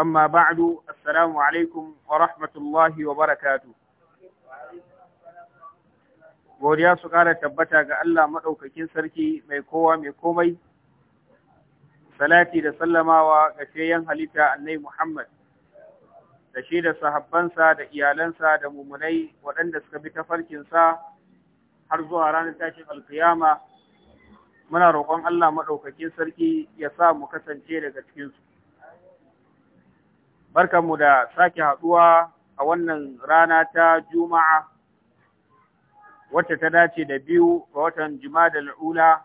أما بعد السلام عليكم ورحمة الله وبركاته godiya su ƙara tabbata ga Allah maɗaukakin sarki mai kowa mai komai, salati da sallamawa ga shayen halitta annai Muhammad, da shi da sahabbansa da iyalansa da mumunai waɗanda suka bi tafarkinsa har zuwa ranar tashin alkiyama, muna roƙon Allah maɗaukakin sarki ya sa mu kasance daga cikinsu. barkanmu da sake haɗuwa a wannan rana ta Juma'a wacce ta dace da biyu ga watan Jumada al'ula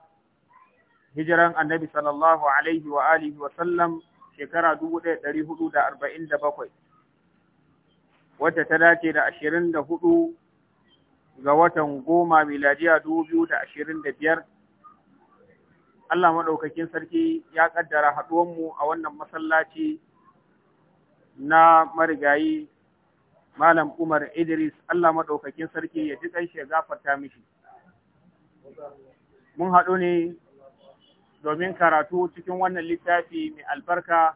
hijiran annabi sallallahu alaihi wa alihi da arba'in shekara 1447 wacce ta dace da 24 ga watan goma miladiya 2025 Allah maɗaukakin sarki ya ƙaddara haɗuwanmu a wannan masallaci na marigayi Malam Umar Idris Allah maɗaukakin sarki ya ji ƙanshi ya gafarta mishi. Mun haɗu ne domin karatu cikin wannan littafi mai albarka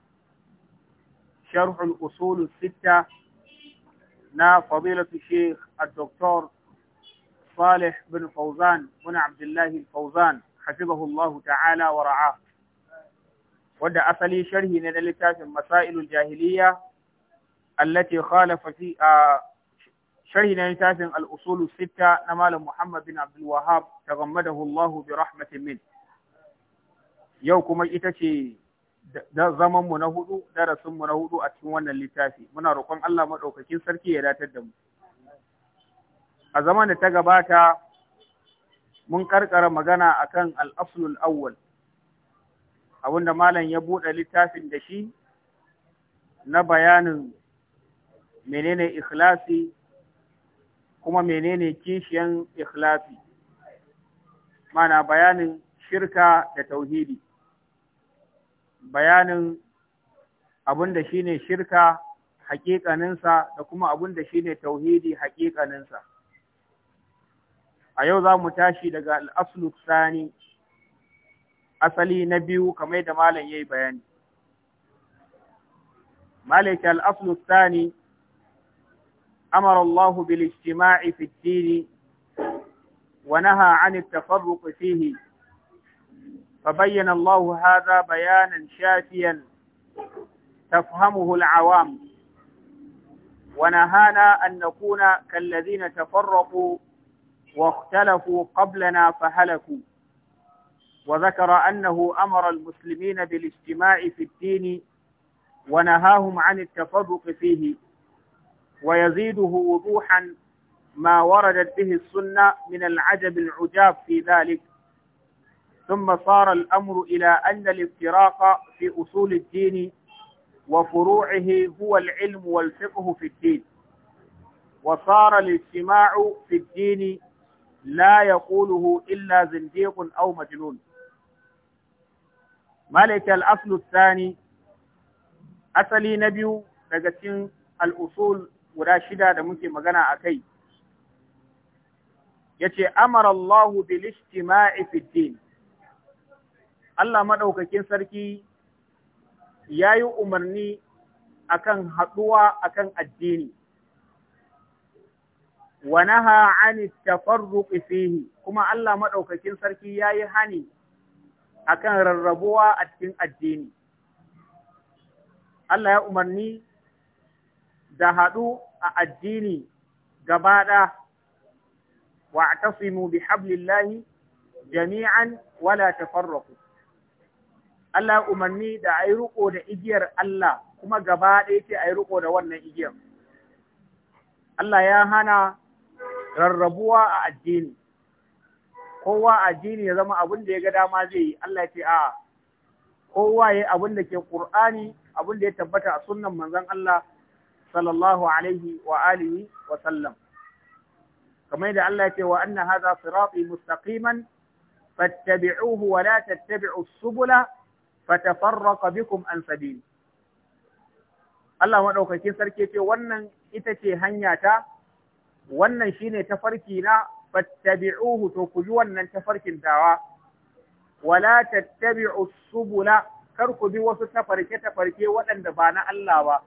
sharhul usulu sitta na fadilatu Sheikh Dr. Salih bin Fauzan bin Abdullahi Fauzan hafizahullahu ta'ala wa ra'a. Wadda asali sharhi ne na littafin Masailul Jahiliya allati khalafa fi sharhi na littafin al-usul sita na malam Muhammad bin Abdul ta tagammadahu Allahu bi rahmatin min yau kuma ita ce da zaman mu na hudu darasin mu na hudu a cikin wannan littafi muna roƙon Allah madaukakin sarki ya datar da mu a zaman da ta gabata mun karkara magana akan al-aslul awwal abinda malam ya buɗe littafin da shi na bayanin menene ikhlasi kuma menene kishiyan ikhlasi mana bayanin shirka da tauhidi bayanin abinda shine shirka hakikaninsa da kuma abinda shine tauhidi hakikaninsa a yau za mu tashi daga al'aslu sani asali na biyu kamar da malam yayi bayani مالك الأصل الثاني أمر الله بالاجتماع في الدين ونهى عن التفرق فيه فبين الله هذا بيانا شافيا تفهمه العوام ونهانا أن نكون كالذين تفرقوا واختلفوا قبلنا فهلكوا وذكر أنه أمر المسلمين بالاجتماع في الدين ونهاهم عن التفرق فيه ويزيده وضوحا ما وردت به السنة من العجب العجاب في ذلك ثم صار الأمر إلى أن الافتراق في أصول الدين وفروعه هو العلم والفقه في الدين وصار الاجتماع في الدين لا يقوله إلا زنديق أو مجنون Malaita aslu tsani, asali na biyu daga cikin al'usul guda shida da muke magana a kai, ya ce, Amarallahu Allahu fiddin, Allah maɗaukakin sarki ya yi umarni akan haɗuwa akan addini. wa naha ani tafarruqi fihi kuma Allah maɗaukakin sarki yayi hani akan rarrabuwa a cikin addini. Allah ya umarni da haɗu a addini gaba ɗaya wa mu bi hablillahi jami'an wala tafarraqu. Allah umarni da a yi da igiyar Allah kuma gaba ɗaya ce a yi da wannan igiyar. Allah ya hana rarrabuwa a addini. kowa addini ya zama abin da ya ga dama zai yi Allah ce a kowa ya abin da ke Qur'ani abin da ya tabbata a sunnan manzon Allah sallallahu alaihi wa alihi wa sallam kamar da Allah ce wa anna hadha sirati mustaqiman fattabi'uhu wa la tattabi'u subula fatafarraqa bikum an sabili Allah madaukakin sarki ce wannan ita ce hanya ta wannan shine tafarki na fattabi'uhu to ku ji wannan tafarkin dawa wala tattabi'u subula kar ku bi wasu tafarke tafarke waɗanda ba na Allah ba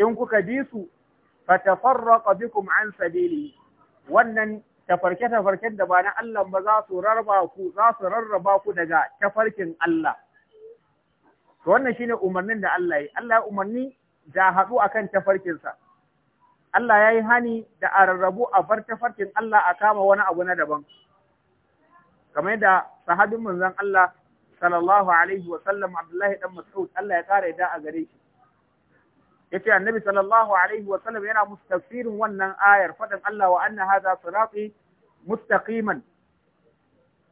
in kuka bi su fatafarraqa bikum an sabili wannan tafarke tafarken da ba na Allah ba za su rarraba ku za su rarraba ku daga tafarkin Allah to wannan shine umarnin da Allah yi Allah ya umarni da haɗu akan tafarkinsa Allah ya yi hani da a rarrabu a farce-farcen Allah a kama wani abu na daban. Kamai da sahabin manzon Allah sallallahu alaihi wa sallam Abdullahi dan Mas'ud Allah ya kare da a gare shi. Ya ce Annabi sallallahu alaihi wa sallam yana musu tafsirin wannan ayar faɗin Allah wa anna hadha mustaƙiman.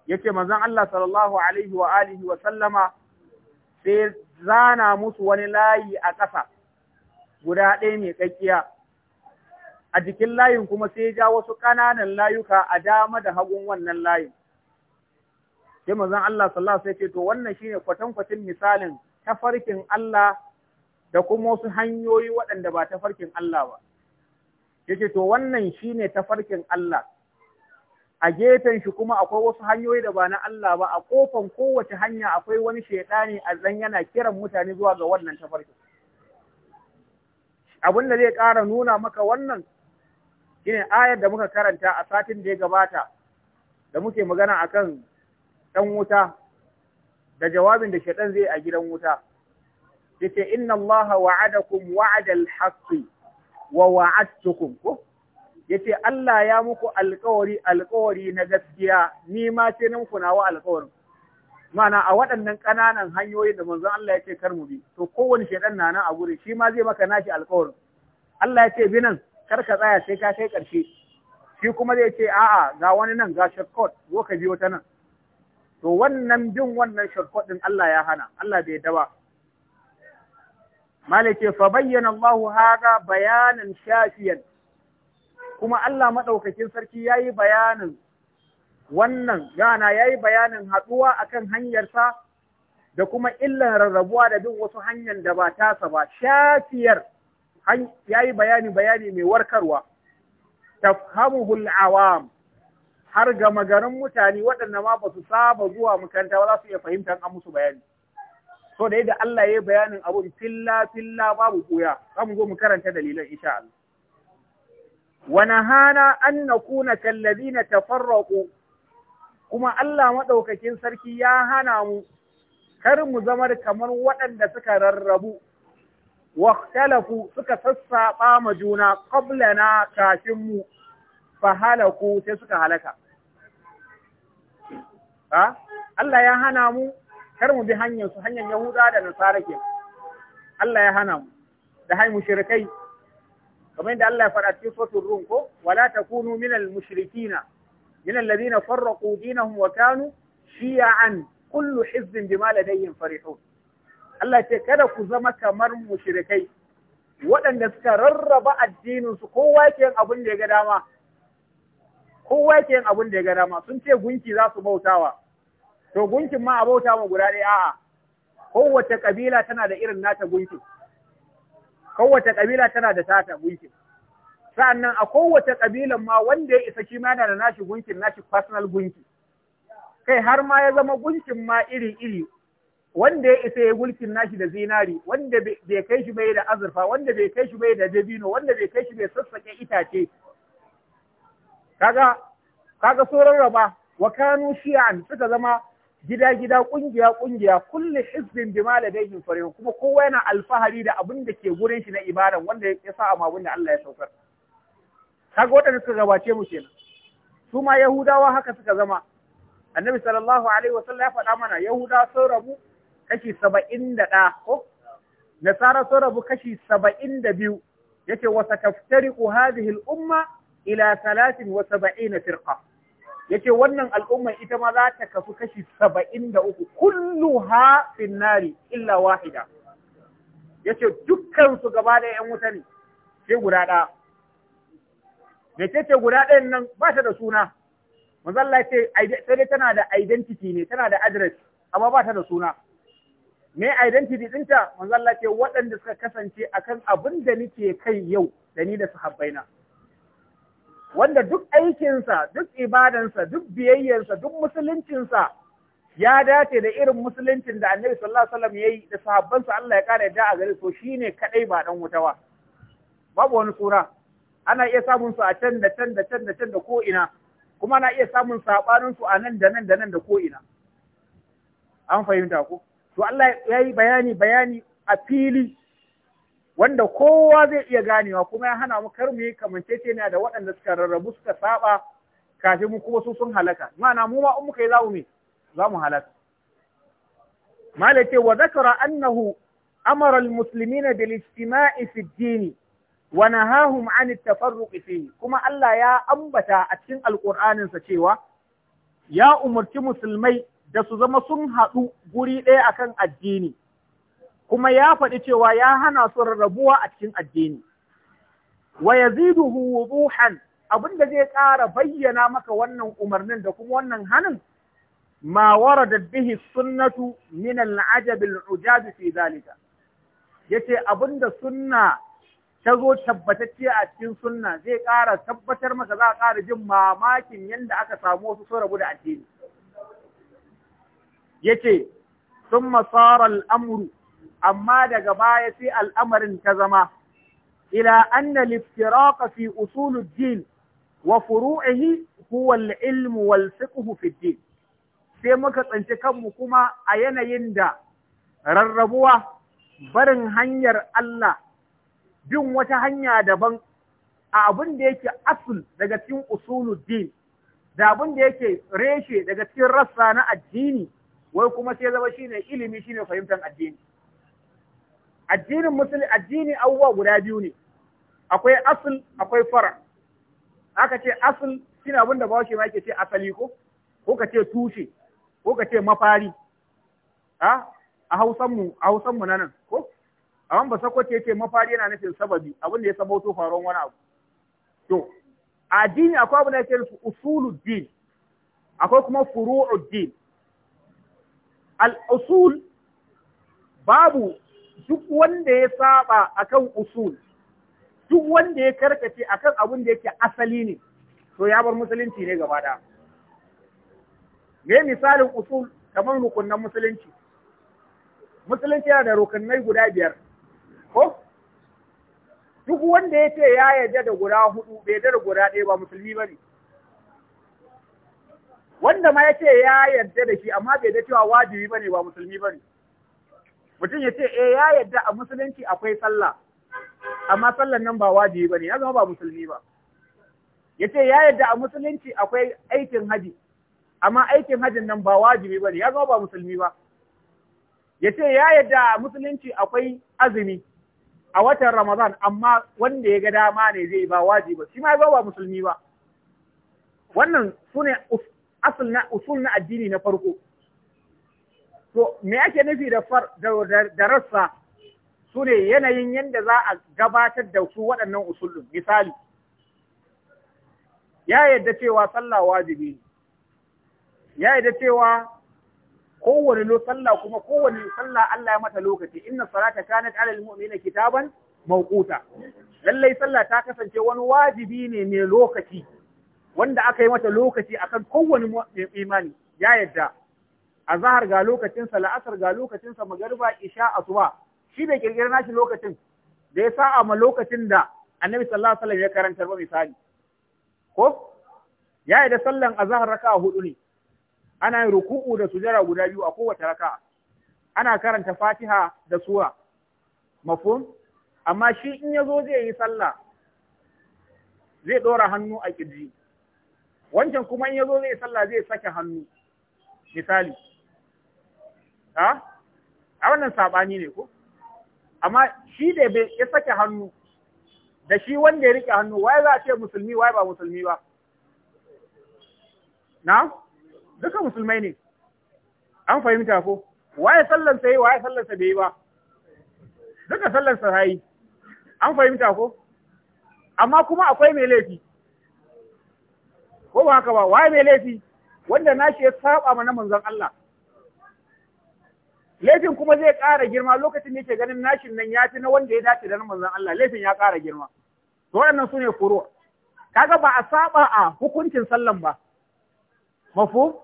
Ya ce manzon Allah sallallahu alaihi wa alihi wa sai zana musu wani layi a ƙasa guda ɗaya mai kakkiya a jikin layin kuma sai ya ja wasu ƙananan layuka a dama da hagun wannan layin. Sai mazan Allah sallallahu alaihi ce to wannan shine kwatankwacin misalin tafarkin Allah da kuma wasu hanyoyi waɗanda ba tafarkin Allah ba. ce to wannan shine tafarkin Allah. A gefen shi kuma akwai wasu hanyoyi da ba na Allah ba, a kofan kowace hanya akwai wani shaiɗani a zan yana kiran mutane zuwa ga wannan tafarkin. Abin da zai ƙara nuna maka wannan shine ayar da muka karanta a satin da ya gabata da muke magana a kan ɗan wuta da jawabin da shaitan zai a gidan wuta yace inna allaha wa'adakum wa'adal haqqi wa wa'adtukum ko yace Allah ya muku alƙawari alƙawari na gaskiya ni ma ce nan ku nawa alƙawarin mana a waɗannan ƙananan hanyoyin da manzon Allah ya ce kar mu bi to kowane shedan na nan a gurin shi ma zai maka nashi alƙawarin Allah ya ce bi nan kar ka tsaya sai ka kai ƙarshe shi kuma zai ce a'a ga wani nan ga shortcut zo ka biyo ta nan to wannan bin wannan shortcut din Allah ya hana Allah bai dawa malike fa bayyana Allahu hada bayanan shafiyan kuma Allah madaukakin sarki yayi bayanin wannan gana yayi bayanin haduwa akan hanyarsa da kuma illan rarrabuwa da bin wasu hanyar da ba tasa ba shafiyar Ya yayi bayani bayani mai warkarwa tafhamuhul awam har ga magarin mutane waɗanda ma ba su saba zuwa makaranta ba za su iya fahimtar an musu bayani so da yadda Allah ya yi bayanin abun filla filla babu koya za mu zo mu karanta dalilan insha Allah wa nahana an nakuna kallazina tafarraqu kuma Allah madaukakin sarki ya hana mu kar mu zama kamar waɗanda suka rarrabu waktalafu suka sassaɓa ma juna na kafin mu fahalaku sai suka halaka ha Allah ya hana mu kar mu bi hanyar su hanyar Yahuda da Nasara ke Allah ya hana mu da hay mushrikai kamar yadda Allah ya faɗa cikin suratul ko wala takunu minal mushrikina minal ladina farraqu dinahum wa kanu shi'an kullu hizbin bima ladayhim farihun Allah ce kada ku zama kamar mushrikai waɗanda suka rarraba addininsu kowa ke yin abin da ya ga dama kowa yake yin abin da ya ga dama sun ce gunki za su bautawa to gunkin ma a bauta ma guda ɗaya a'a kowace kabila tana da irin nata gunkin kowace kabila tana da tata gunkin sa'annan a kowace kabila ma wanda ya isa shi ma yana da nashi gunkin nashi personal gunki kai har ma ya zama gunkin ma iri iri wanda ya isa ya mulkin nashi da zinari wanda bai kai shi bai da azurfa wanda bai kai shi bai da dabino wanda bai kai shi bai sassake itace kaga kaga sauran raba wa kanu shi'an suka zama gida gida ƙungiya-ƙungiya kungiya kullu hizbin bima ladayhim farihun kuma kowa yana alfahari da abin da ke gurin shi na ibada, wanda ya sa amma abin da Allah ya saukar kaga waɗanda suka gabace mu kenan su ma yahudawa haka suka zama annabi sallallahu alaihi wasallam ya faɗa mana yahudawa sun rabu kashi saba'in da ɗa ko nasara sun rabu kashi saba'in da biyu yake wasa taftariku hadhihi umma ila talatin wa na firqa yace wannan al'umma ita ma za ta kafu kashi saba'in da uku kulluha ha nari illa wahida yace dukkansu gaba da yan wuta ne sai guda ɗaya mecece guda ɗayan nan ba ta da suna manzon Allah ce sai dai tana da identity ne tana da address amma ba ta da suna me identity ɗinta manzo Allah ce waɗanda suka kasance akan abin da nake kai yau da ni da sahabbaina wanda duk aikinsa duk ibadansa duk biyayyarsa duk musuluncinsa ya dace da irin musuluncin da annabi sallallahu alaihi wasallam yayi da sahabbansa Allah ya kare da a gare su shine kadai ba dan wuta ba babu wani sura ana iya samun su a can da can da can da can da ko ina kuma ana iya samun sabanin su a nan da nan da nan da ko ina an fahimta ko to Allah ya yi bayani bayani a fili wanda kowa zai iya ganewa kuma ya hana mu kar mu yi kamanceceniya da waɗanda suka rarrabu suka saba kafin mu kuma su sun halaka ma'ana mu ma in muka yi za mu me za mu halaka ce wa zakara annahu amara almuslimina bil istima'i fi ad-din wa nahahum an at-tafarruq fihi kuma Allah ya ambata a cikin alqur'anin cewa ya umarci musulmai da su zama sun haɗu guri ɗaya akan addini, kuma ya faɗi cewa ya hana su rarrabuwa a cikin addini. Wa yaziduhu wuduhan abin da zai ƙara bayyana maka wannan umarnin da kuma wannan hanin ma warada bihi sunnatu min al-ajab al-ujab fi zalika yace abinda sunna ta zo tabbatacce a cikin sunna zai ƙara tabbatar maka za a ƙara jin mamakin yanda aka samu wasu su rabu da addini yace thumma sara amru amma daga baya sai al'amarin ta zama ila anna al-iftiraqa fi usul din wa furu'ihi huwa al wal fiqh fi din sai muka tsanci kanmu kuma a yanayin da rarrabuwa barin hanyar Allah bin wata hanya daban a abin da yake asul daga cikin din, da abin da yake reshe daga cikin rassa na addini wai kuma sai zama shine ilimi shine fahimtar addini addinin musulmi addini abubuwa guda biyu ne akwai asul akwai fara aka ce asl shine abin da bawashi ma yake ce asali ko ko ka ce tushe ko ka ce mafari a a hausan mu a hausan mu nan ko amma ba sako ce ce mafari yana nufin sababi abin da ya sabato faruwar wani abu to addini akwai abin da yake usulud din akwai kuma furu'ud din al'usul babu duk wanda ya saba akan usul, duk wanda ya karkace akan abin da yake asali ne, to ya bar musulunci ne gaba da. Me misalin usul kamar rukunan musulunci? Musulunci yana da rukunai guda biyar, ko? Duk wanda ya ce ya yarda da guda hudu, bai yarda da guda ɗaya ba musulmi ba ne. wanda ma ya ce ya yarda da shi amma bai da cewa wajibi bane ba musulmi bane mutum ya ce eh ya yarda a musulunci akwai sallah amma sallan nan ba wajibi bane ya zama ba musulmi ba ya ce ya yarda a musulunci akwai aikin haji amma aikin hajin nan ba wajibi bane ya zama ba musulmi ba ya ce ya yarda a musulunci akwai azumi a watan Ramadan amma wanda ya ga dama ne zai ba wajibi ba shi ma ya zama ba musulmi ba wannan sune asal na usul na addini na farko to me ake nufi da far da rassa su ne yanayin yadda za a gabatar da su waɗannan usulun misali ya yadda cewa sallah wajibi ya yadda cewa kowane lo sallah kuma kowane sallah Allah ya mata lokaci inna salata kanat ala mumina kitaban mawquta lallai sallah ta kasance wani wajibi ne mai lokaci wanda aka yi mata lokaci akan kowane imani ya yadda a zahar ga lokacinsa la'asar ga lokacinsa magariba isha asuba shi da kirkira nashi lokacin da ya sa'a ma lokacin da annabi sallallahu alaihi wasallam ya karanta ba misali ko ya yadda sallan azhar raka'a hudu ne ana yin ruku'u da sujara guda biyu a kowace raka. ana karanta fatiha da Suwa. mafhum amma shi in yazo zai yi sallah zai dora hannu a kirji wancan kuma in yazo zai sallah zai sake hannu misali ha a wannan sabani ne ko amma shi da bai ya sake hannu da shi wanda ya rike hannu waye za a ce musulmi waye ba musulmi ba na duka musulmai ne an fahimta ko waye sallan sai waye sallan sa bai ba duka sallan sa yi. an fahimta ko amma kuma akwai mai laifi ko ba haka ba waye mai laifi wanda nashi ya saba ma na manzon Allah laifin kuma zai ƙara girma lokacin da yake ganin nashin nan ya fi na wanda ya dace da na manzon Allah laifin ya ƙara girma to wannan su ne kaga ba a saba a hukuncin sallan ba mafu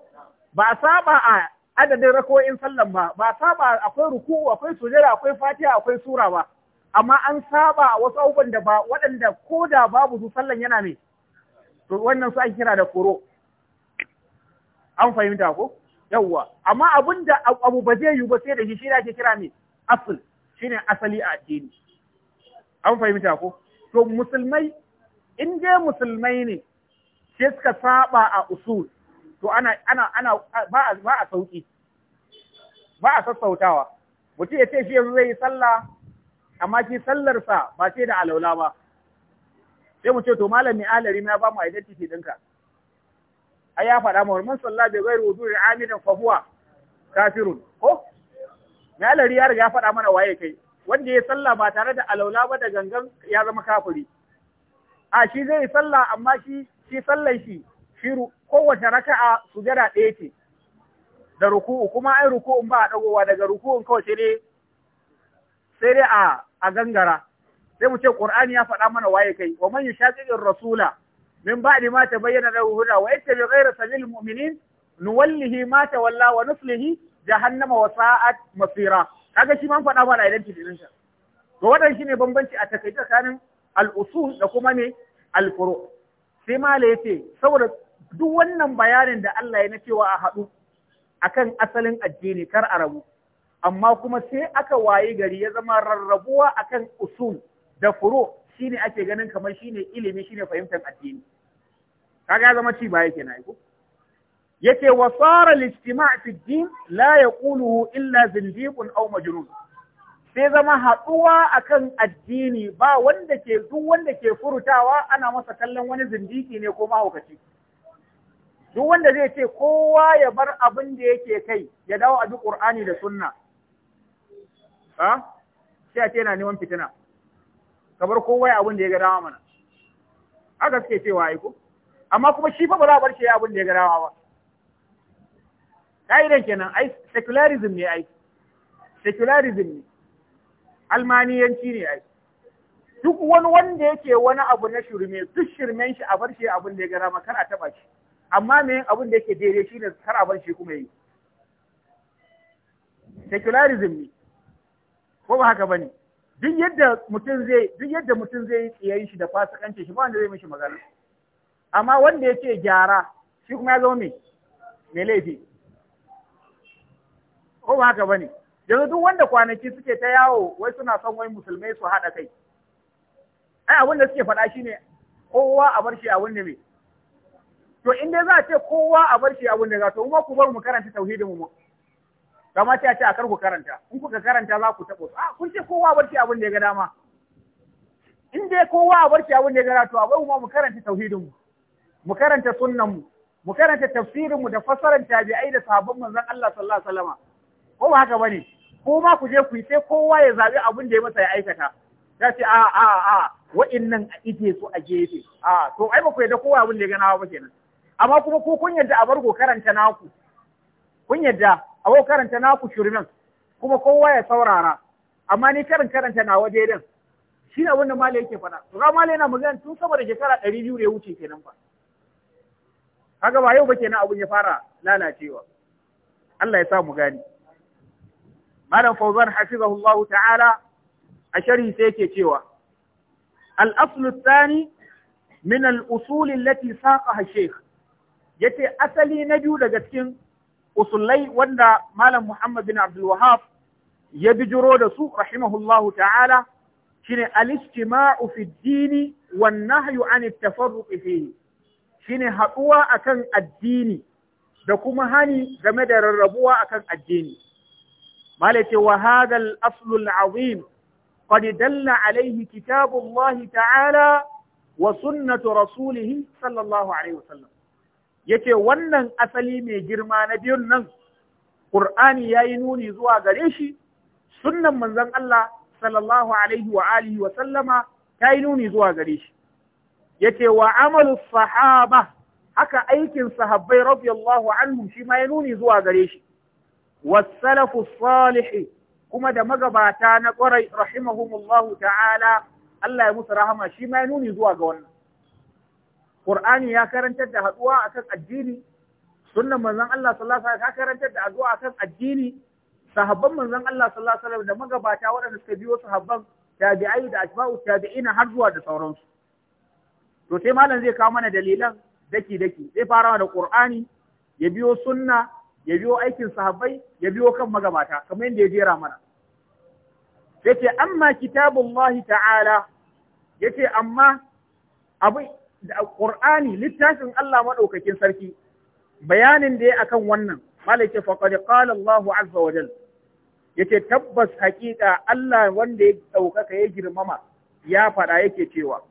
ba a saba a adadin rako'in sallan ba ba a saba akwai ruku akwai sujada akwai fatiha akwai sura ba amma an saba a wasu abubuwan da ba waɗanda ko da babu su sallan yana mai. to wannan su ake kira da koro an fahimta ko yawwa amma abinda abu ba zai yi ba sai da shi shi ake kira ne asul shine asali a addini an fahimta ko to musulmai in dai musulmai ne sai suka saba a usul to ana ana ana ba a ba a sauki ba a sassautawa mutum ya ce shi yanzu zai yi sallah amma shi sallarsa ba sai da alaula ba sai mu ce to malami alari na ba mu identity dinka ai ya faɗa mu man salla bi ghairi wudu'i amidan fa huwa kafirun ko malari alari ya riga faɗa mana waye kai wanda ya salla ba tare da alaula ba da gangan ya zama kafiri a shi zai salla amma shi shi sallan shi shiru kowace raka'a sujada ɗaya ce da ruku'u kuma ai ruku'un ba a dagowa daga ruku'un kawai sai dai sai dai a a gangara sai mu ce Qur'ani ya faɗa mana waye kai wa man yushaqiqir rasula min ba'di ma tabayyana lahu huda wa yattabi ghayra sabilil mu'minin nuwallihi ma tawalla wa nuslihi jahannama wa sa'at masira kaga shi man faɗa mana identity din sa to wadan shine bambanci a takaice tsakanin al-usul da kuma ne al-furu sai ma yace saboda duk wannan bayanin da Allah ya na cewa a haɗu akan asalin addini kar a rabu amma kuma sai aka wayi gari ya zama rarrabuwa akan usul da furo shi ne ake ganin kamar shi ne ilimi shi ne fahimtar addini kaga zama ci baya yi ko yace wa tsara listima a fi la ya ƙulu illa zindiqun au majnun sai zama haɗuwa a kan addini ba wanda ke duk wanda ke furutawa ana masa kallon wani zindiki ne ko mahaukaci duk wanda zai ce kowa ya bar abin da yake kai ya dawo a duk Qur'ani da Sunna ha sai a ce yana neman fitina kamar kowai abin da ya ga dama mana aka suke cewa yi ko amma kuma shi fa ba za a bar shi abin da ya ga dama ba ƙa'idan kenan ai secularism ne ai secularism ne almaniyanci ne ai duk wani wanda yake wani abu na shirme duk shirmen shi a bar abin da ya ga dama kar a taba shi amma me abin da yake daidai shine kar a bar shi kuma yi secularism ne ko ba haka bane duk yadda mutum zai duk yadda mutum zai yi tsiyayin shi da fasikancin shi ba wanda zai mishi magana amma wanda ya ce gyara shi kuma ya zama mai mai laifi ko ba haka bane yanzu duk wanda kwanaki suke ta yawo wai suna son wai musulmai su haɗa kai ai abin da suke faɗa shine kowa a bar shi abin da mai to in dai za a ce kowa a bar shi abin da za to kuma ku bar mu karanta tauhidin mu kama ta ce a kar ku karanta in kuka karanta za ku tabo a ah, kun ce kowa barci abin da ya ga dama in dai kowa barci abin da ya ga dama to akwai kuma mu karanta tauhidin mu mu karanta sunnan mu mu karanta tafsirin mu da fasaran tabi'ai da sahabban manzon Allah sallallahu alaihi wasallam ko ba haka bane ko ma ku je ku yi sai kowa ya zabi abin da ya masa ya aikata ta ce a ah, a ah, a wa'annan a ije su a gefe a to ai ba ku yadda kowa abin da ya ga nawa ba kenan amma kuma ko kun yadda a bargo karanta naku kun yadda a karanta naku shirmin kuma kowa ya saurara amma ni karin karanta na waje din shi ne abin da yake faɗa to ga mali yana magana tun sama da shekara ɗari biyu da ya wuce kenan fa kaga ba yau ba kenan abin ya fara lalacewa Allah ya sa mu gani malam Fauzan hafizahullahu ta'ala a sharhi sai yake cewa al-aslu thani min al-usul allati saqaha shaykh yace asali na biyu daga cikin usulai wanda Malam Muhammad bin Abdul Wahab ya bijiro da su rahimahullahu ta'ala shine al-istima'u fi dini wan nahyu an at-tafarruq fihi shine haduwa akan addini da kuma hani game da rarrabuwa akan addini malaki wa hadha al azim qad dalla alayhi kitabullahi ta'ala wa sunnatu rasulihi sallallahu alayhi wasallam yace wannan asali mai girma na biyun nan Qur'ani yayi nuni zuwa gare shi sunnan manzon Allah sallallahu alaihi wa alihi wa sallama yayi nuni zuwa gare shi yace wa amalu sahaba haka aikin sahabbai radiyallahu anhum shi ma ya nuni zuwa gare shi wasalafu salih kuma da magabata na ƙwarai rahimahumullahu ta'ala Allah ya musu rahama shi ma ya nuni zuwa ga wannan Qur'ani ya karantar da haduwa akan addini sunnan manzon Allah sallallahu alaihi wasallam ya karantar da addu'a akan addini sahabban manzon Allah sallallahu alaihi wasallam da magabata waɗanda suka biyo sahabban tabi'ai da asba'u tabi'ina har zuwa da sauransu to sai malam zai kawo mana dalilan daki daki zai fara da Qur'ani ya biyo sunna ya biyo aikin sahabbai ya biyo kan magabata kamar yadda ya jera mana yace amma kitabullahi ta'ala yace amma abu Da Qur'ani littafin Allah maɗaukakin sarki bayanin da ya akan wannan malaka faqad qala Allah azza wa jalla yace tabbas hakika Allah wanda ya daukaka ya girmama ya fada yake cewa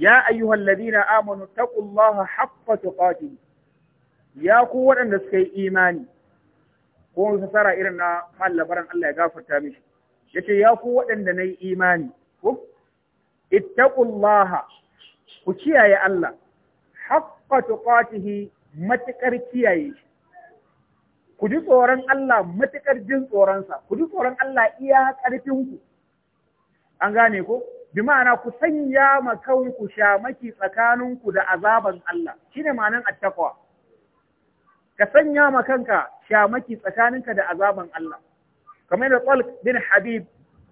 ya ayyuhalladhina amanu taqullaha haqqa tuqatih ya ku waɗanda suka yi imani ko su sara irin na mallabaran Allah ya gafarta mishi yace ya ku waɗanda nayi imani ko ittaqullaha ku kiyaye Allah haqqa tuqatihi matukar kiyaye shi ku ji tsoron Allah matukar jin tsoronsa ku ji tsoron Allah iya karfin an gane ko bi ma'ana ku sanya ma kanku shamaki tsakaninku da azaban Allah shine ma'anan attaqwa ka sanya ma kanka shamaki tsakaninka da azaban Allah kamar da Talq bin Habib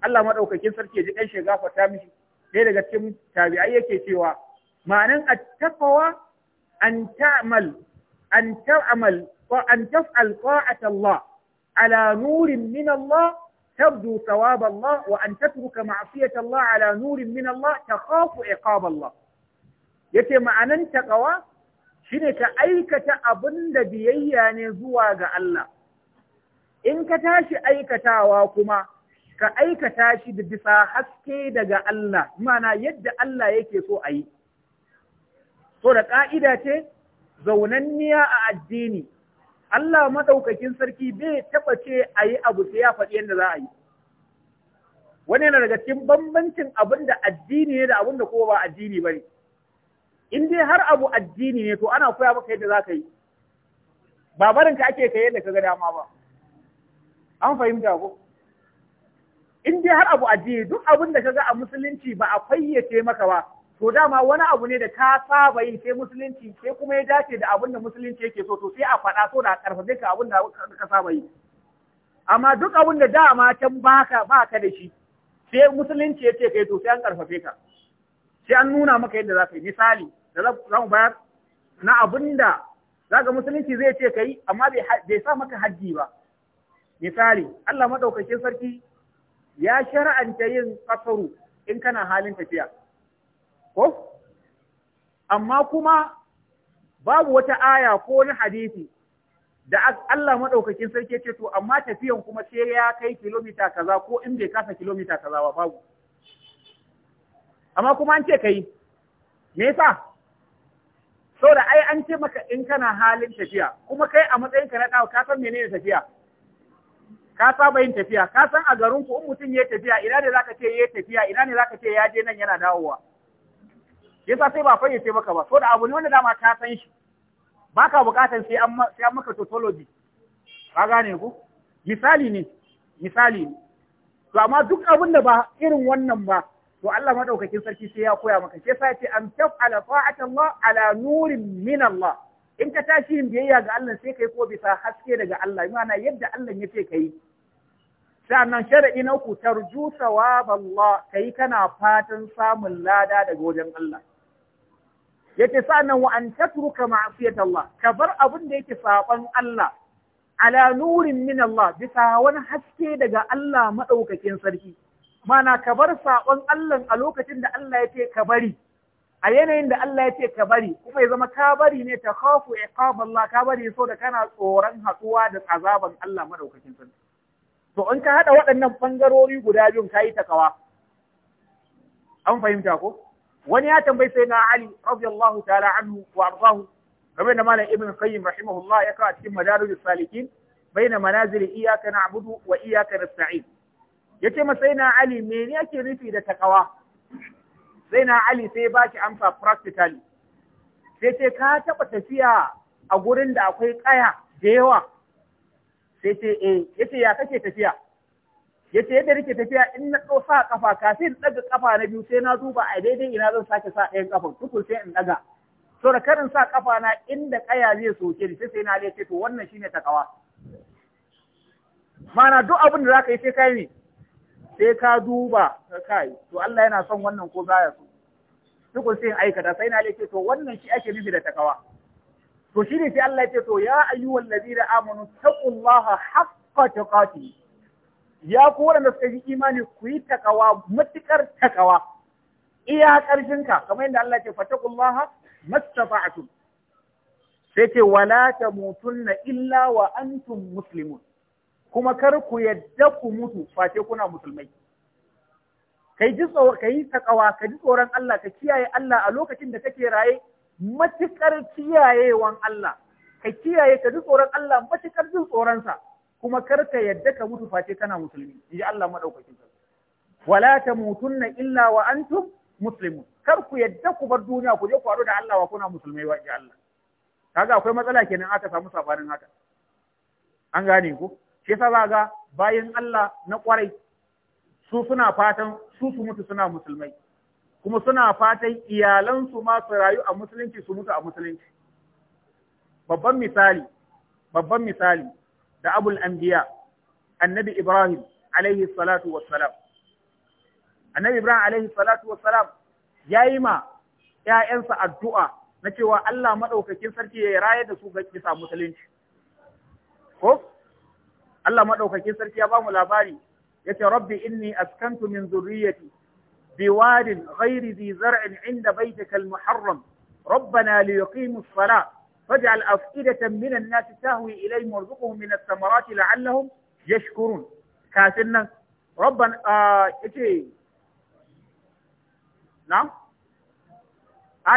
Allah madaukakin sarki ya ji kan shiga gafarta mishi ɗaya daga cikin tabi'ai yake cewa ma'anan attaqwa an ta'mal an ta'mal wa an taf'al ta'at Allah ala nurin min Allah ترجو ثواب الله وأن تترك معصية Allah, على نور من الله تخاف عقاب الله yace ma'anan taqawa shine ka aikata abun da biyayya ne zuwa ga Allah in ka tashi aikatawa kuma ka aikata shi da bisa haske daga Allah mana yadda Allah yake so a yi so da ƙa'ida ce zaunanniya a addini Allah maɗaukakin sarki bai taɓa ce a yi abu sai ya faɗi yadda za a yi. Wani yana daga cikin bambancin abin da addini ne da abin da ba addini ba ne. In dai har abu addini ne to ana koya maka yadda za ka yi. Ba barin ka ake kai yadda ka ga dama ba. An fahimta ko? In dai har abu addini duk abin da ka ga a musulunci ba a fayyace maka ba, to dama wani abu ne da ka saba yin sai musulunci sai kuma ya dace da abin da musulunci yake so to sai a faɗa so da karfafe ka abin da ka saba yi amma duk abin da dama can baka baka da shi sai musulunci ya ce kai to sai an karfafe ka sai an nuna maka yadda za ka yi misali da za mu bayar na abin da za ka musulunci zai ce ka yi amma bai sa maka haddi ba misali Allah maɗaukakin sarki ya shar'anta yin kafaru in kana halin tafiya ko amma kuma babu wata aya ko wani hadisi da Allah madaukakin sarki ce to amma tafiyan kuma sai ya kai kilomita kaza ko in bai kasa kilomita kaza ba babu amma kuma an ce kai me yasa da ai an ce maka in kana halin tafiya kuma kai a matsayinka na dawo ka san menene tafiya ka saba yin tafiya ka san a garin ku in mutum ya tafiya ina ne zaka ce ya tafiya ina ne zaka ce ya je nan yana dawowa yasa sai ba fayyace maka ba so da abu ne wanda dama ta san shi ka bukatan sai an maka tautology ba gane ku misali ne misali ne to amma duk abin da ba irin wannan ba to Allah maɗaukakin sarki sai ya koya maka sai sai ce an ala ta'ata ma ala nurin min Allah in ka tashi yin biyayya ga Allah sai kai ko bisa haske daga Allah mana yadda Allah ya ce kai sannan ina na uku tarju sawab Allah kai kana fatan samun lada daga wajen Allah yace sa'annan wa an tatruka ma’afiyat Allah ka bar abun da yake saɓon Allah ala nurin min Allah bisa wani haske daga Allah madaukakin sarki mana ka bar saban Allah a lokacin da Allah ce ka bari a yanayin da Allah yace ka bari kuma ya zama ka bari ne ta khafu iqab Allah ka bari so da kana tsoron hakuwa da azaban Allah madaukakin sarki to in ka haɗa waɗannan bangarori guda biyun kayi takawa an fahimta ko wani ya tambayi sai na Ali radiyallahu ta'ala anhu wa ardahu game da malam ibn qayyim rahimahullah ya kawo cikin madarijus salikin baina manazil iyyaka na'budu wa iyyaka nasta'in yace ma sai na Ali menene yake nufi da takawa sai na Ali sai ba baki amsa practically sai ce ka taba tafiya a gurin da akwai kaya da yawa sai ce eh yace ya kake tafiya ya ce yadda rike tafiya in na ɗau sa ƙafa kafin ɗaga ƙafa na biyu sai na duba a daidai ina zan sake sa ɗayan ƙafan? tukun sai in ɗaga so da karin sa ƙafa na inda ƙaya zai soke ni sai na leke to wannan shine ƙawa. mana duk abin da zaka yi sai kai ne sai ka duba ka kai to Allah yana son wannan ko baya so tukun sai in aikata sai na leke to wannan shi ake nufi da ta ƙawa. to shine sai Allah ya ce to ya ayyuhal ladina amanu taqullaha haqqa tuqatih ya ku waɗanda suka yi imani ku yi takawa matuƙar takawa iya ƙarfinka kamar yadda Allah ce fatakullaha mastata'tum sai ce wala mutunna illa wa antum muslimun kuma kar ku yadda ku mutu face kuna musulmai kai ji tsoro kai takawa ka ji tsoron Allah ka kiyaye Allah a lokacin da kake raye matuƙar kiyayewan Allah ka kiyaye ka ji tsoron Allah matukar jin tsoron sa kuma kar ka yadda ka mutu face kana musulmi in ji Allah madaukakin sarki wala mutunna illa wa antum muslimun kar ku yadda ku bar duniya ku je ku haɗu da Allah wa kuna musulmai wa ji Allah kaga akwai matsala kenan aka samu sabanin haka an gane ku shi yasa za ga bayan Allah na kwarai su suna fatan su su mutu suna musulmai kuma suna fatan iyalansu ma su rayu a musulunci su mutu a musulunci babban misali babban misali da abul anbiya annabi Ibrahim alaihi salatu wassalam annabi Ibrahim alaihi salatu wassalam yayi ma ƴaƴansa addu'a na cewa Allah madaukakin sarki ya rayar da su ga bisa musulunci ko Allah madaukakin sarki ya ba mu labari yace rabbi inni askantu min zurriyyati biwadin ghairi dhi zar'in 'inda baitakal muharram ربنا ليقيموا الصلاه واجعل أفئدة من الناس تهوي إليهم وارزقهم من الثمرات لعلهم يشكرون كاسرنا ربنا آه إيه نعم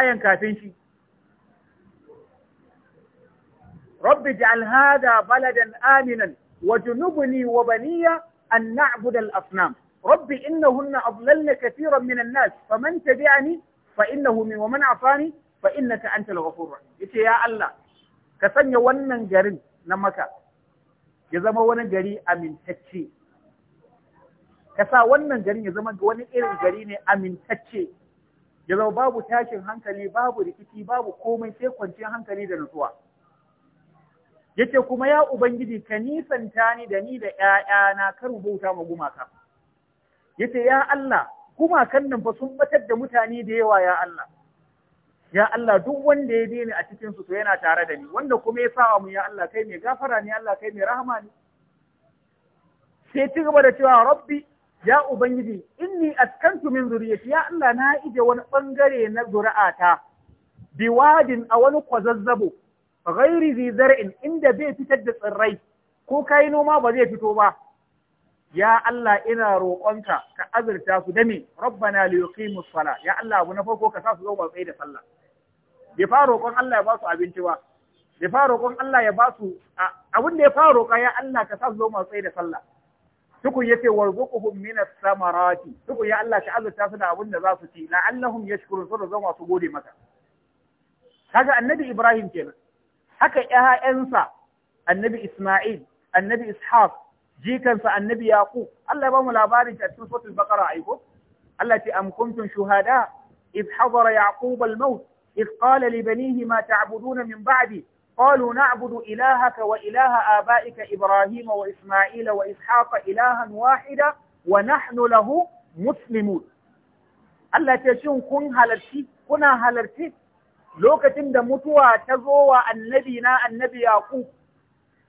آية كافين شي رب اجعل هذا بلدا آمنا وجنبني وبني أن نعبد الأصنام رب إنهن أضللن كثيرا من الناس فمن تبعني فإنه من ومن عصاني fa innaka antal ghafurur rahim yace ya Allah ka sanya wannan garin na maka ya zama wani gari amintacce ka sa wannan garin ya zama wani irin gari ne amintacce ya zama babu tashin hankali babu rikici babu komai sai kwanciyar hankali da nutsuwa yace kuma ya ubangiji ka nisanta ni da ni da ƴaƴana kar rubuta ma gumaka yace ya Allah gumakan nan fa sun batar da mutane da yawa ya Allah ya Allah duk wanda ya daina ni a cikin su to yana tare da ni wanda kuma ya sawa mu ya Allah kai mai gafara ne Allah kai mai rahama ne sai ci gaba da cewa rabbi ya ubangiji inni askantu min zuriyati ya Allah na ije wani bangare na zuri'ata biwadin a wani kwazazzabo ghairi zi zar'in inda bai fitar da tsirrai ko kai noma ba zai fito ba ya Allah ina roƙonka ka azurta su da me rabbana li yuqimus sala ya Allah abu na farko ka sa su zo ba tsaye da sallah bai fara roƙon Allah ya ba su abinci ba bai fara roƙon Allah ya ba su abin da ya fara roƙa ya Allah ka sa zo masu da sallah tukun yace warzuquhum min as-samarati tukun ya Allah ka azurta su da abin da za su ci la'allahum yashkurun su zo masu gode maka kaga annabi Ibrahim kenan haka ƴaƴansa annabi Isma'il annabi Ishaq jikansa annabi Yaqub Allah ya ba mu labarin ta cikin suratul Baqara aiko Allah ce am kuntum shuhada إذ حضر يعقوب الموت إذ قال لبنيه ما تعبدون من بعدي قالوا نعبد إلهك وإله آبائك إبراهيم وإسماعيل وإسحاق إلها واحدا ونحن له مسلمون Allah ce shin kun halarci kuna halarci lokacin da mutuwa ta zo wa annabi na annabi Yaqub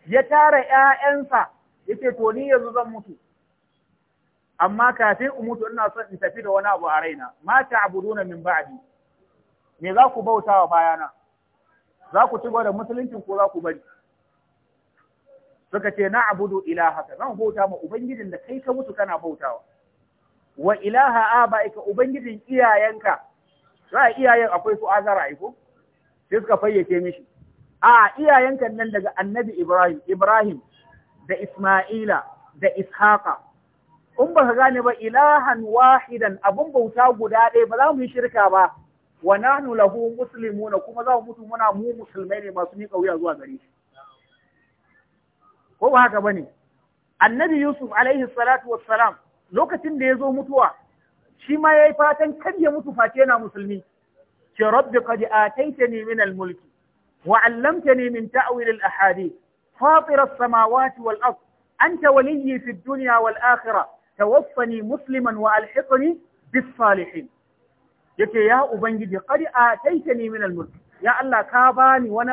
ya tara ƴaƴansa yake to ni yanzu zan mutu amma kafin in mutu ina son in tafi da wani abu a raina min ba'di me za ku bauta wa bayana za ku ci gwada musuluncin ko za ku bari suka ce na abudu ilahaka zan bauta ma ubangijin da kai ka mutu kana bautawa wa ilaha ika ubangijin iyayenka za a iyayen akwai su azara aiko sai suka fayyace mishi a iyayenka nan daga annabi ibrahim ibrahim da isma'ila da ishaqa in ba ka gane ba ilahan wahidan abun bauta guda ɗaya ba za mu yi shirka ba ونحن له مسلمون كما ذا مسلمون مو مسلمين ما سميك ويا زوا غري هو هكا بني النبي يوسف عليه الصلاة والسلام لوكتين دي يزو متوا شي ما ياي فاتن كان يموتو فاتينا مسلمين يا رب قد آتيتني من الملك وعلمتني من تأويل الأحاديث فاطر السماوات والأرض أنت ولي في الدنيا والآخرة توفني مسلما وألحقني بالصالحين Yake ya ubangiji a ataitani min al-mulk ya Allah ka bani wani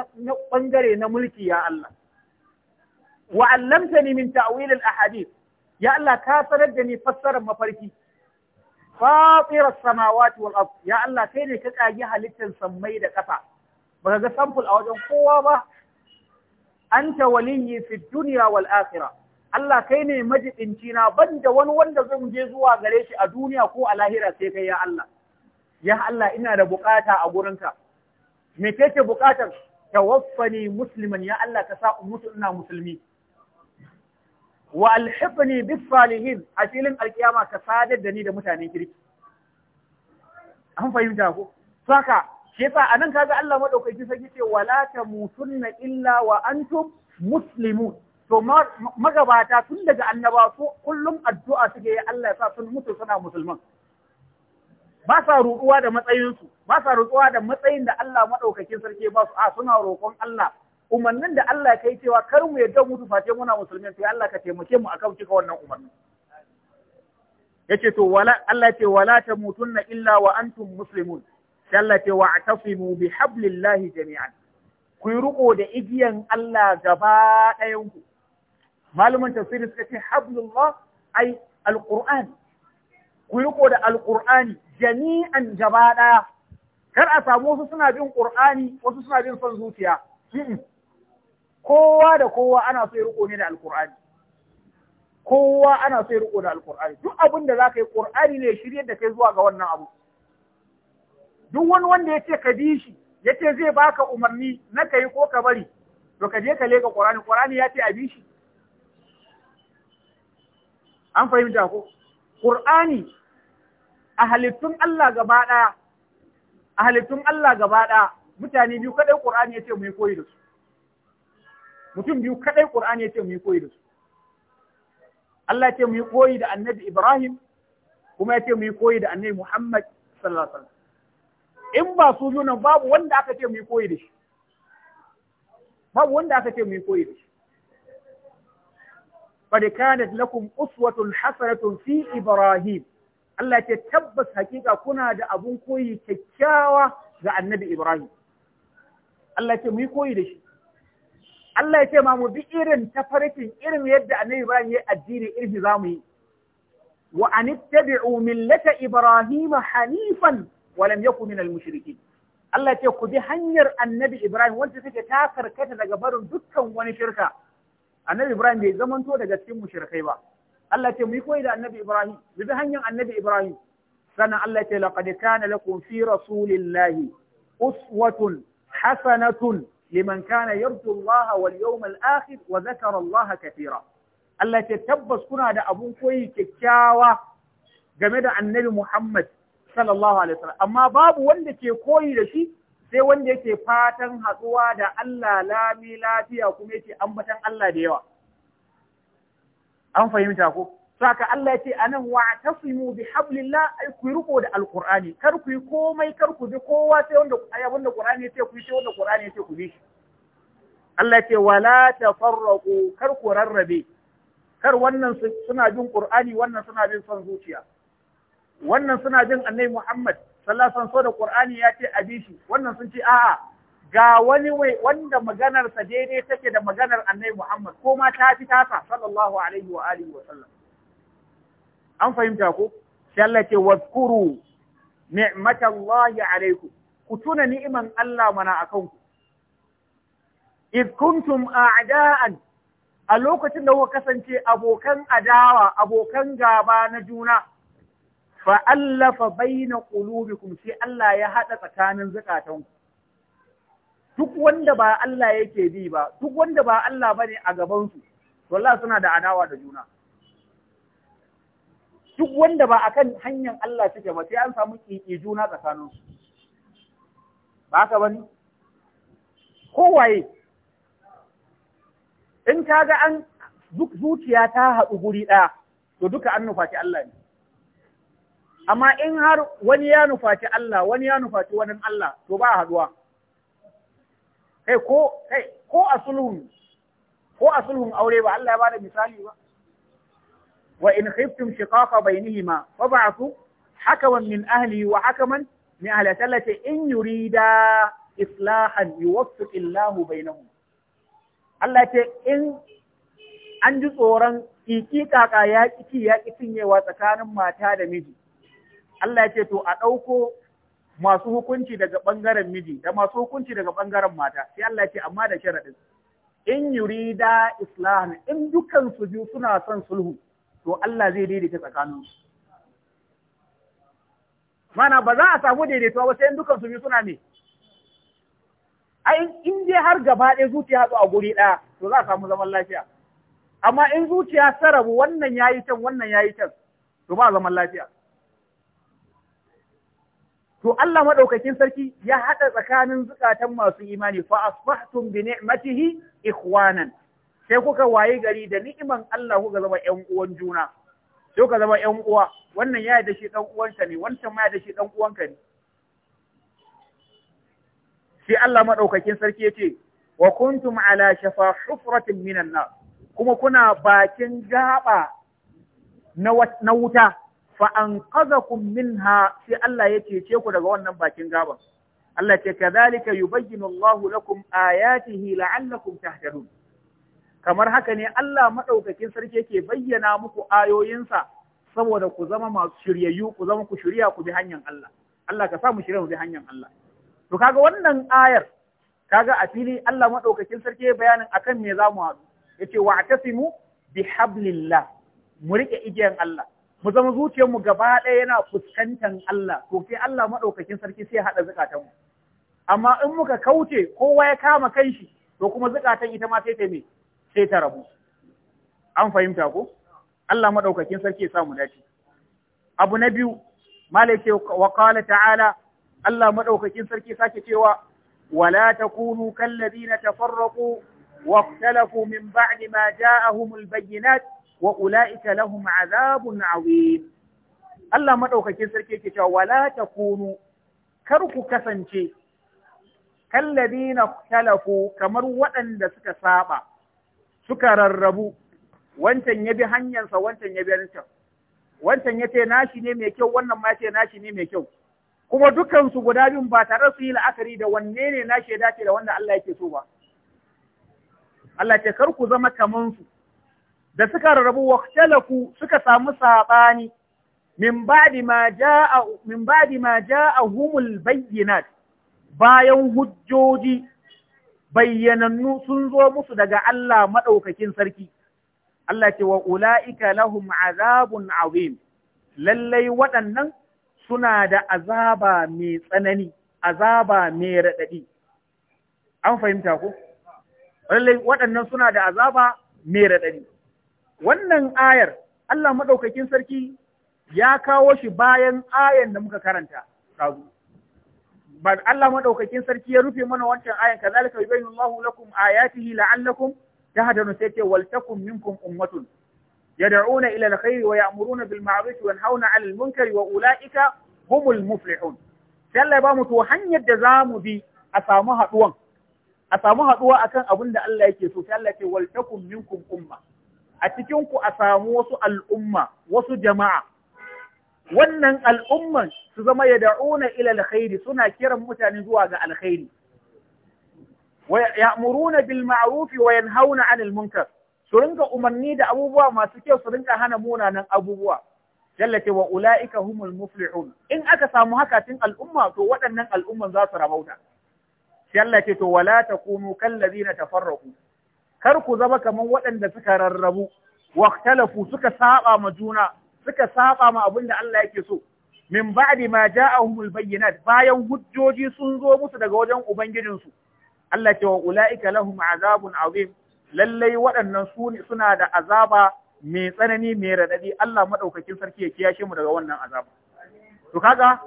bangare na mulki ya Allah wa allamtani min ta'wil al-ahadith ya Allah ka sanar da ni fassarar mafarki fatir as-samawati wal ard ya Allah kai ne ka kage halittar sammai da kafa baka ga sample a wajen kowa ba anta waliyyi fi dunya wal akhirah Allah kai ne majibinci na banda wani wanda zan je zuwa gare shi a duniya ko a lahira sai kai ya Allah ya Allah ina da bukata a gurinka me kake bukatar tawaffani musliman ya Allah ka sa mutu ina musulmi wa alhifni bis salihin a filin alkiyama ka sadar da ni da mutanen kirki an fahimta ko saka shi yasa anan kaga Allah madaukaki sai yace wala tamutunna illa wa antum muslimun to magabata tun daga annabawa kullum addu'a suke ya Allah ya sa sun mutu suna musulman ba sa ruɗuwa da matsayinsu ba sa ruɗuwa da matsayin da Allah maɗaukakin sarki ba su a suna roƙon Allah umarnin da Allah kai cewa kar mu yadda mutu face muna musulmi Sai Allah ka taimake mu a kan cika wannan umarni ce to Allah ce wala ta na illa wa tun musulmi, sai Allah ce bi hablillahi jami'an ku yi riko da igiyan Allah gaba ɗayan ku malumin tafsiri suka ce hablullah ai alƙur'ani ku riko da alkur'ani jami'an gaba ɗaya. kar a samu wasu suna bin ƙur'ani wasu suna bin son zuciya hmm. kowa da kowa ana so ya riko ne da alqur'ani kowa ana so ya riko da alkurani duk abin da za ka yi ƙur'ani ne shirye da kai zuwa ga wannan abu duk wani wanda ya ce ka bi shi ya ce zai baka umarni na ka yi ko ka bari to ka je ka leka qur'ani ya ce a bi shi an fahimta ko qur'ani a halittun Allah gaba ɗaya a halittun Allah gaba ɗaya mutane biyu kadai ya ce mu yi koyi da su mutum biyu kadai ya ce mu yi koyi da su Allah ya ce mu yi koyi da Annabi Ibrahim kuma ya ce mu yi koyi da Annabi Muhammad sallallahu alaihi wasallam in ba su biyu nan babu wanda aka ce mu yi koyi da shi babu wanda aka ce mu yi koyi da shi قد كانت لكم أسوة حسنة في Allah ce tabbas hakika kuna da abun koyi kyakkyawa ga annabi Ibrahim. Allah ce mu yi koyi da shi. Allah ya ce ma mu bi irin tafarkin irin yadda annabi Ibrahim ya addini irin za mu yi. Wa an tabi'u millata Ibrahim hanifan wa lam yakun minal mushrikin. Allah ce ku bi hanyar annabi Ibrahim wanda take ta karkata daga barin dukkan wani shirka. Annabi Ibrahim bai zamanto daga cikin mushrikai ba. Allah ce mu yi koyi da annabi Ibrahim mu bi hanyar annabi Ibrahim sannan Allah ce laqad kana lakum fi rasulillahi uswatun hasanatun liman kana yarju Allah wal yawmal akhir wa dhakara Allah katira Allah ce tabbas kuna da abun koyi kyakkyawa game da annabi Muhammad sallallahu alaihi wasallam amma babu wanda ke koyi da shi sai wanda yake fatan haɗuwa da Allah lami lafiya kuma yake ambatan Allah da yawa an fahimta ko saka Allah ya ce anan wa tasimu bi hablillah ai ku riko da alqur'ani kar ku yi komai kar ku bi kowa sai wanda da qur'ani ya ce ku yi sai wanda qur'ani ya ce ku bi Allah ya ce wala tafarraqu kar ku rarrabe kar wannan suna bin Qur'ani wannan suna bin son zuciya wannan suna bin Annabi Muhammad sallallahu alaihi wasallam da Qur'ani ya ce abi shi wannan sun ce a'a ga wani wanda maganarsa daidai take da maganar annabi Muhammad ko ma ta fi tasa sallallahu alaihi wa alihi wa sallam an fahimta ko sai Allah ce wazkuru ni'matallahi alaikum ku tuna ni'iman Allah mana akan ku id kuntum a'da'an a lokacin da kuka kasance abokan adawa abokan gaba na juna fa baina qulubikum sai Allah ya hada tsakanin zakatanku duk wanda ba Allah yake bi ba duk wanda ba Allah bane a gaban su to Allah suna da adawa da juna duk wanda ba akan hanyar Allah suke ba sai an samu kiki juna tsakanin su ba ni. Ko kowaye in ga an duk zuciya ta haɗu guri ɗaya to duka an nufaci Allah ne amma in har wani ya nufaci Allah wani ya nufaci wani Allah to ba haɗuwa kai ko kai ko a sulhun ko a aure ba Allah ya bada misali ba wa in khiftum shiqaqa bainihima fab'athu hakaman min ahli wa hakaman min ahli sallati in yurida islahan yuwaffiq Allahu bainahum Allah ce in an ji tsoron kiki kaka ya kici ya yawa tsakanin mata da miji Allah ce to a ɗauko masu hukunci daga ɓangaren miji da masu hukunci daga ɓangaren mata sai Allah ce amma da sharaɗin in yurida islahan in dukan su biyu suna son sulhu to Allah zai daidaita tsakaninsu mana ba za a samu daidaituwa ba sai in dukan su biyu suna ne ai in je har gaba ɗaya zuciya haɗu a guri ɗaya to za a samu zaman lafiya amma in zuciya sarabu, rabu wannan yayi can wannan yayi can to ba zaman lafiya to Allah maɗaukakin sarki ya haɗa tsakanin zukatan masu imani fa asbahtum bi ni'matihi ikhwanan sai kuka wayi gari da ni'iman Allah kuka zama ƴan uwan juna sai kuka zama ƴan uwa wannan ya da shi dan uwanka ne wancan ma ya da shi dan uwanka ne sai Allah maɗaukakin sarki yace wa kuntum ala shafa hufratin minan nar kuma kuna bakin gaba na wuta fa anqadhakum minha sai Allah ya cece ku daga wannan bakin gaban Allah ce kadhalika yubayyinu Allahu lakum ayatihi la'allakum tahtadun kamar haka ne Allah maɗaukakin sarki yake bayyana muku ayoyinsa saboda ku zama masu shiryayyu ku zama ku shirya ku bi hanyar Allah Allah ka sa mu shirya mu bi hanyar Allah to kaga wannan ayar kaga a fili Allah maɗaukakin sarki ya bayanin akan me za mu haɗu yace wa'tasimu bihablillah mu rike igiyan Allah mu zama zuciyarmu gaba ɗaya yana fuskantar Allah to sai Allah maɗaukakin sarki sai haɗa zukatanmu amma in muka kauce kowa ya kama kanshi to kuma zukatan ita ma sai ta me sai ta rabu an fahimta ko Allah maɗaukakin sarki ya samu dace abu na biyu malai wa ta'ala Allah maɗaukakin sarki sake cewa wala takunu kallazina tafarraqu واختلفوا من بعد ما جاءهم البينات wa ula'ika lahum azabun azim Allah madaukakin sarki yake cewa wala takunu kar ku kasance na talafu kamar waɗanda suka saba suka rarrabu wancan ya bi hanyarsa wancan ya bi wancan ya ce nashi ne mai kyau wannan ma ce nashi ne mai kyau kuma dukansu guda biyun ba tare su yi la'akari da wanne ne nashi ya dace da wanda Allah yake so ba Allah ce kar ku zama kamansu. da suka rarrabu waktalaku suka samu saɓani min ba'di ma ja'a min ba'di ma humul bayyinat bayan hujjoji bayyanannu sun zo musu daga Allah madaukakin sarki Allah ce wa ula'ika lahum azabun azim lallai waɗannan suna da azaba mai tsanani azaba mai raɗaɗi an fahimta ko lallai waɗannan suna da azaba mai raɗaɗi wannan ayar Allah maɗaukakin sarki ya kawo shi bayan ayan da muka karanta kazu ban Allah maɗaukakin sarki ya rufe mana wancan ayan kazalika yubayyinu Allahu lakum ayatihi la'allakum tahtadun sai ce wal takum minkum ummatun yad'una ila alkhairi wa ya'muruna bil ma'ruf wa yanhauna 'anil munkari wa ulaika humul muflihun sai Allah ya ba mu to hanyar da zamu bi a samu haduwan a samu haduwa akan abin da Allah yake so sai Allah ya ce wal takum minkum umma a cikinku a samu wasu al'umma, wasu jama'a. Wannan al'umman su zama ya da'una ilal khairi suna kiran mutane zuwa ga alkhairi. Ya'muruna bil ma'rufi wa hauna 'anil munkar. Su rinka umarni da abubuwa masu kyau su rinka hana munanan abubuwa. Jallake wa ula'ika humul muflihun. In aka samu haka cin al'umma to waɗannan al'umman za su rabauta. Jallake to wala takunu kallazina tafarraqu. kar ku zama kamar waɗanda suka rarrabu waktalafu suka saba ma juna suka saba ma abin da Allah yake so min ba'di ma ja'ahumul bayyinat bayan hujjoji sun zo musu daga wajen ubangijinsu Allah ce wa ula'ika lahum azabun azim lallai waɗannan suna da azaba mai tsanani mai raɗaɗi Allah maɗaukakin sarki ya kiyashe mu daga wannan azaba to kaga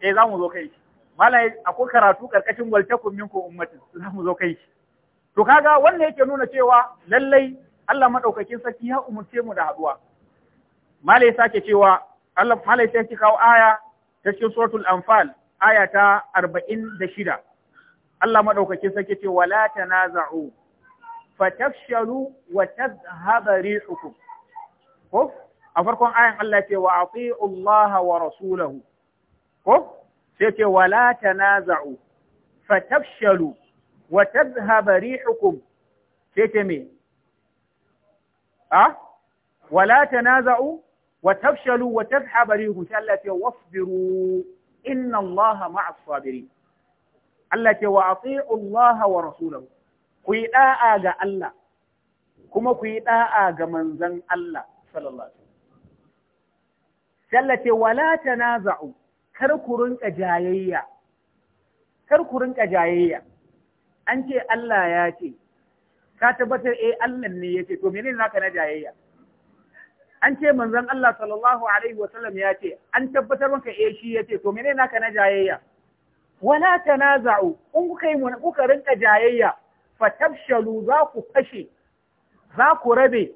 eh za zo kai malai akwai karatu karkashin waltakun minku ummatin za mu zo kai shi. to kaga wannan yake nuna cewa lallai Allah madaukakin sarki ya umurce mu da haduwa malai sake cewa Allah malai sai ki kawo aya ta cikin suratul anfal aya ta 46 Allah madaukakin sarki ce wala tanaza'u fatafshalu wa tadhhaba rihukum ko a farkon ayan Allah ce wa ati'u Allah wa rasulahu ko sai ce wala tanaza'u fatafshalu wa tadhhaba rihukum sai ce me ah wala tanaza'u wa tafshalu wa tadhhaba rihukum sai Allah ce wasbiru inna Allah ma'as sabirin Allah ce wa ati'u Allah wa rasulahu ku yi da'a ga Allah kuma ku yi da'a ga manzon Allah sallallahu alaihi wasallam sai Allah ce wala tanaza'u kar ku rinka jayayya kar ku rinka jayayya an ce Allah ya ce ka tabbatar eh Allah ne ya ce to menene naka na jayayya an ce manzon Allah sallallahu alaihi wa sallam ya ce an tabbatar maka eh shi ya ce to menene naka na jayayya wala tanaza'u in kuka yi kuka rinka jayayya tabshalu za ku fashe za ku rabe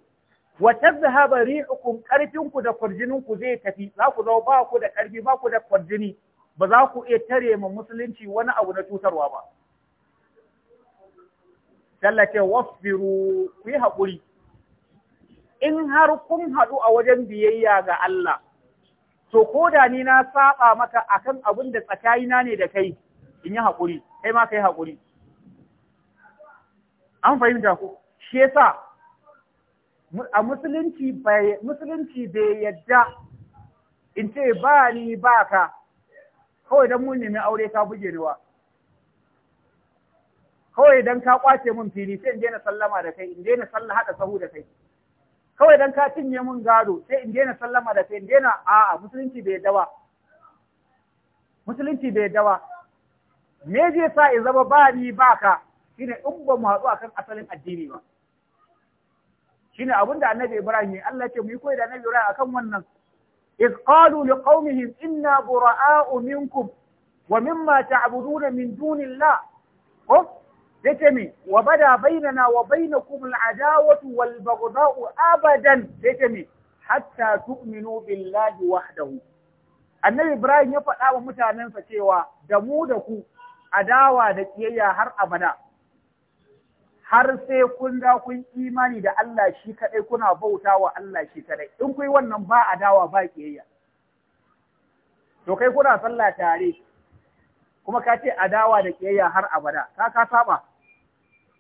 wata zahabar rihukum karfin da kwarjininku zai tafi za ku zo ba ku da karfi ba ku da kwarjini ba za ku iya tare ma musulunci wani abu na cutarwa ba tallace wasbiru ku yi haƙuri in har kun haɗu a wajen biyayya ga Allah to ko da ni na saba maka akan abin da tsakanina ne da kai in yi haƙuri kai ma kai haƙuri an fahimta ku shi yasa a musulunci bai musulunci bai yadda in ce ba ni ba ka kawai don mun nemi aure ka buge ni wa kawai don ka kwace mun fili sai in daina sallama da kai in daina sallah hada sahu da kai kawai don ka cinye mun gado sai in daina sallama da kai in daina a'a musulunci bai dawa musulunci bai dawa me zai sa in zama ba ni ba ka shine in ba mu haɗu akan asalin addini ba shine abinda annabi Ibrahim ya Allah ce mu yi koyi da annabi Ibrahim akan wannan iz qalu liqaumihim inna bura'a'u minkum wa mimma ta'buduna min dunillah ko yace mi wa bada bainana wa bainakum al'adawatu wal baghdha'u abadan yace mi hatta tu'minu billahi wahdahu annabi Ibrahim ya faɗa wa mutanensa cewa da mu da ku adawa da kiyayya har abada har sai kun da kun imani da Allah shi kaɗai kuna bauta wa Allah shi kadai in kun wannan ba dawa ba kiyayya to kai kuna sallah tare kuma ka ce adawa da kiyayya har abada ka ka saba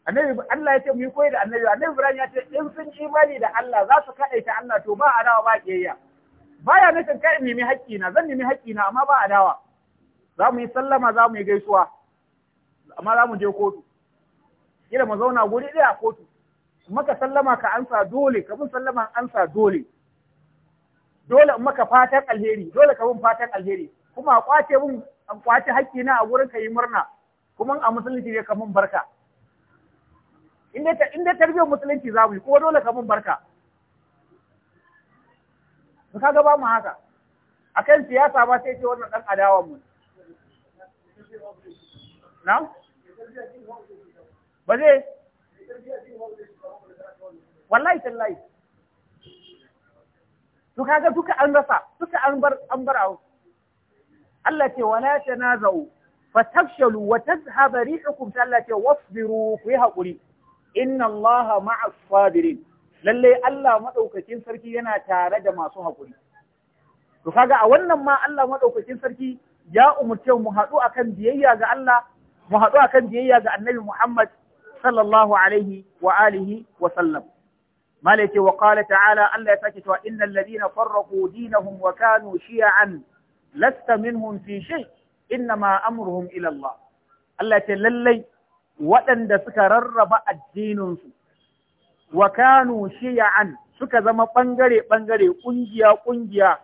annabi Allah ya ce mu yi koyi da annabi annabi Ibrahim ya ce in sun imani da Allah za su ta Allah to ba adawa ba kiyayya baya nufin kai nemi haƙƙi na zan nemi haƙƙi na amma ba adawa za mu yi sallama za mu yi gaisuwa amma za mu je kotu kira mu zauna guri ɗaya a kotu maka sallama ka ansa dole ka mun sallama ansa dole dole in maka fatan alheri dole ka mun fatan alheri kuma a kwace mun a kwace hakki na a gurin ka yi murna kuma a musulunci ne ka mun barka inda ta inda tarbiyyar musulunci za mu yi kuma dole ka mun barka to ka gaba mu haka akan siyasa ba sai ce wannan dan adawan mu na? ba zai wallahi tallahi to kaga duka an rasa duka an bar an bar awo Allah ce wala tanazau fatafshalu wa tazhab rihukum Allah ce wasbiru ku yi hakuri inna Allah ma'as sabirin lalle Allah madaukakin sarki yana tare da masu hakuri to kaga a wannan ma Allah madaukakin sarki ya umurce mu haɗu akan biyayya ga Allah mu haɗu akan biyayya ga Annabi Muhammad sallallahu alaihi wa alihi wa sallam mala ce ta'ala Allah ya sake cewa innal ladina farraqu dinahum wa kanu shi'an lasta minhum fi shay innama amruhum ila Allah Allah ce lallai waɗanda suka rarraba addinin su wa kanu shi'an suka zama ɓangare-ɓangare, ƙungiya-ƙungiya.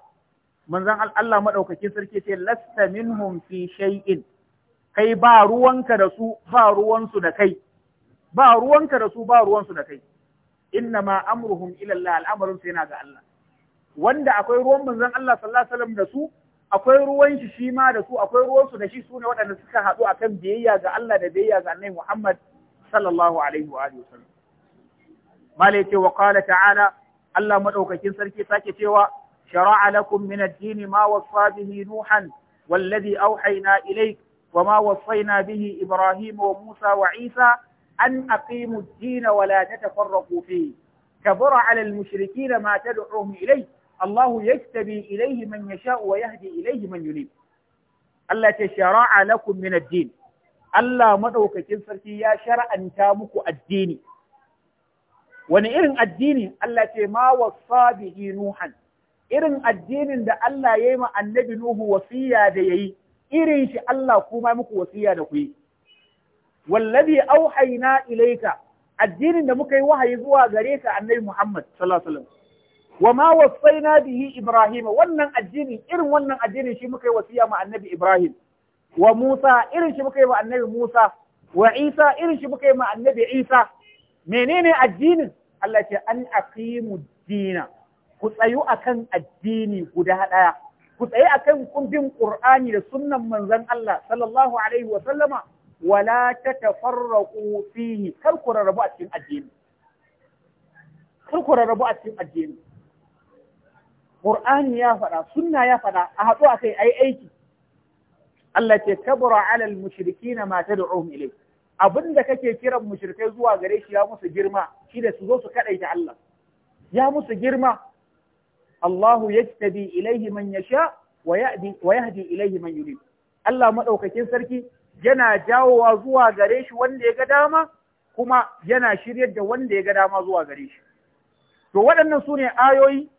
manzon Allah madaukakin sarki ce lasta minhum fi shay'in kai ba ruwanka da su ba ruwansu da kai ba ruwanka da su ba ruwansu da kai inna ma amruhum ila yana ga Allah wanda akwai ruwan manzon Allah sallallahu alaihi da su akwai ruwanshi shi ma da su akwai ruwansu da shi sune waɗanda suka haɗu akan biyayya ga Allah da biyayya ga Annabi Muhammad sallallahu alaihi wa sallam. malai ce wa ta'ala Allah maɗaukakin sarki sake cewa shara'a lakum min ad-din ma wasa bihi nuhan والذي أوحينا إليك وما وصينا wa musa wa isa أن أقيموا الدين ولا تتفرقوا فيه كبر على المشركين ما تدعوهم إليه الله يجتبي إليه من يشاء ويهدي إليه من ينيب الله تشرع لكم من الدين الله مدوك كنسرتي يا شرع أنتامك الدين ونئرن الدين التي ما وصى به نوحا irin addinin da Allah ya yi ma annabi Nuhu wasiya da ya yi, irin shi Allah kuma muku wasiya da ku yi. wallazi auhayna ilayka addinin da muka yi wahayi zuwa gare ka annabi Muhammad sallallahu alaihi wasallam Wama wasaina bihi Ibrahim wannan addini irin wannan addini shi muka yi wasiya ma annabi Ibrahim wa Musa irin shi muka yi ma annabi Musa wa Isa irin shi muka yi ma annabi Isa menene addinin Allah ce an aqimu dina ku tsayu akan addini guda daya ku tsayi akan kumbin Qur'ani da sunnan manzon Allah sallallahu alaihi wa sallama wala tatafarraqu fihi kar ku rarrabu a cikin addini kar ku rarrabu a cikin addini Qur'ani ya faɗa sunna ya faɗa a haɗu akai ai aiki Allah ce kabura ala al-mushrikeena ma tad'uhum ilayh abinda kake kiran mushrikai zuwa gare shi ya musu girma shi da su zo su kadaita Allah ya musu girma Allahu yajtabi ilayhi man yasha wa yahdi wa yahdi ilayhi man yunib Allah maɗaukakin sarki yana jawowa zuwa gare shi wanda ya ga dama kuma yana shiryar da wanda ya ga dama zuwa gare shi to waɗannan su ne ayoyi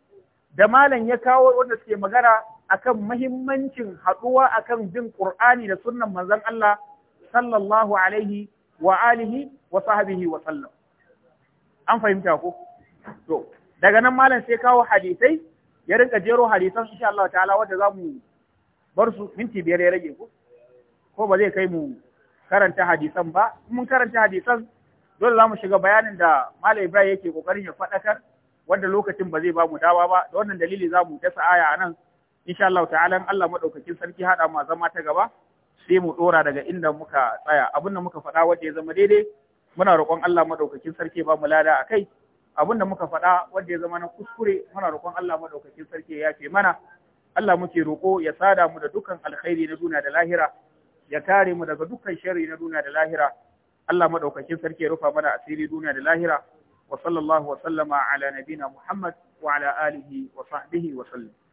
da malam ya kawo wanda suke magana akan mahimmancin haɗuwa akan bin ƙur'ani da sunan manzon Allah sallallahu alaihi wa alihi wa sahabihi wa sallam an fahimta ko to daga nan malam sai kawo hadisai ya rinka jero hadisan insha Allah ta'ala wanda mu bar su minti biyar ya rage ko ko ba zai kai mu karanta hadisan ba mun karanta hadisan dole za mu shiga bayanin da Malam Ibrahim yake kokarin ya faɗakar wanda lokacin ba zai ba mu dawa ba da wannan dalili za mu dasa aya a nan insha Allah ta'ala Allah maɗaukakin sarki haɗa ma zama ta gaba sai mu ɗora daga inda muka tsaya abin da muka faɗa wanda ya zama daidai muna roƙon Allah maɗaukakin sarki ba mu lada kai. abin da muka faɗa wanda ya zama na kuskure muna roƙon Allah maɗaukakin sarki ya ce mana Allah muke roƙo ya sada mu da dukkan alkhairi na duniya da lahira ya kare mu daga dukkan sharri na duniya da lahira Allah madaukakin sarki ya rufa mana asiri duniya da lahira wa sallallahu wa sallama ala nabina Muhammad wa ala alihi wa sahbihi wa sallam